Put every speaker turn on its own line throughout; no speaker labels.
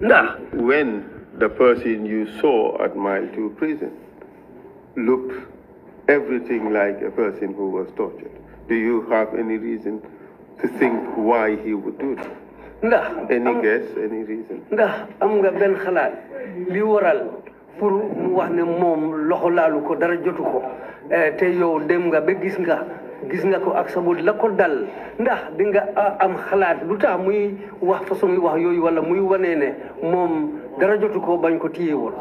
Nah. When the person you saw at mile two prison looked everything like a person who was tortured, do you have any reason to think why he would do that? Nah. any guess any reason ndax am ben benn xalaat li waral pour mu wax ne moom loxo laalu ko dara jotu ko eh, te yow dem nga ba gis nga gis na ko ak la ko dal ndax di nga am xalaat lu tax muy wax façon wax yooyu wala muy wane ne moom dara jotu ko bañ ko woon.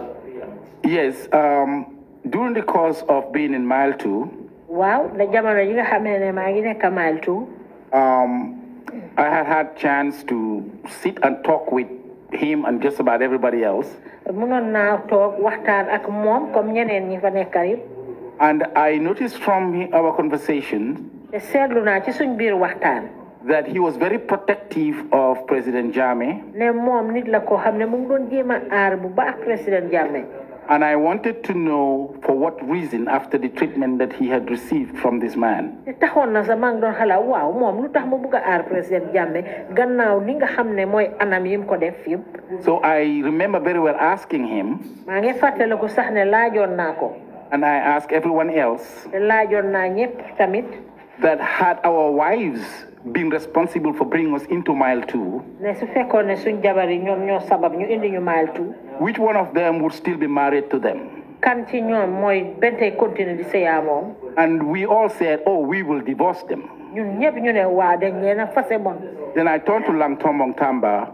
yes um, during the course of being in mile two.
waaw da jamono yi nga xam ne maa ngi nekk mile two.
Um, I had had chance to sit and talk with him and just about everybody else.
munoon naa toog waxtaan ak moom comme ñeneen ñi fa yëpp.
And I noticed from our conversation
that
he was very protective of President Jammeh. And I wanted to know for what reason after the treatment that he had received from this man. So I remember very well asking him. And I ask everyone else
that
had our wives been responsible for bringing us into mile two, which one of them would still be married to them? And we all said, oh, we will divorce them.
Then
I turned to Tomong Tamba.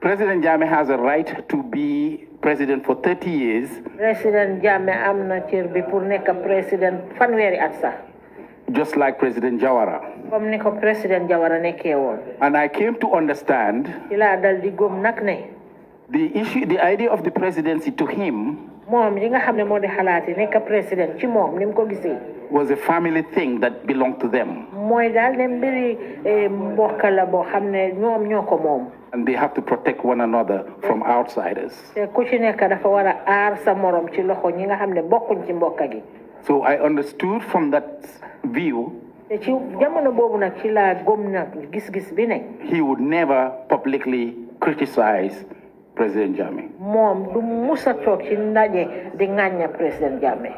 President
Jammeh has a right
to be president for 30 years.
President Jammeh am na cër bi pour nekk president fanweeri at sax.
Just like President Jawara.
Comme ni ko President Jawara nekkee woon.
And I came to understand.
ci laa dal di gëm nag ne.
The issue, the idea of the presidency to him.
Mom, yi nga xam ne halati di president ci moom ni ko gisee.
was a family thing that belonged to them
mbiri eh,
and they have to protect one another from eh, outsiders.
ku ci dafa sa morom ci loxo ñi nga ci gi.
so I understood from that view.
Eh, ci jamono boobu nag ci laa gëm gis-gis bi ne.
he would never publicly criticize President Jammeh.
Mom, du musa toog ci ndaje di ŋàñña President Jammeh.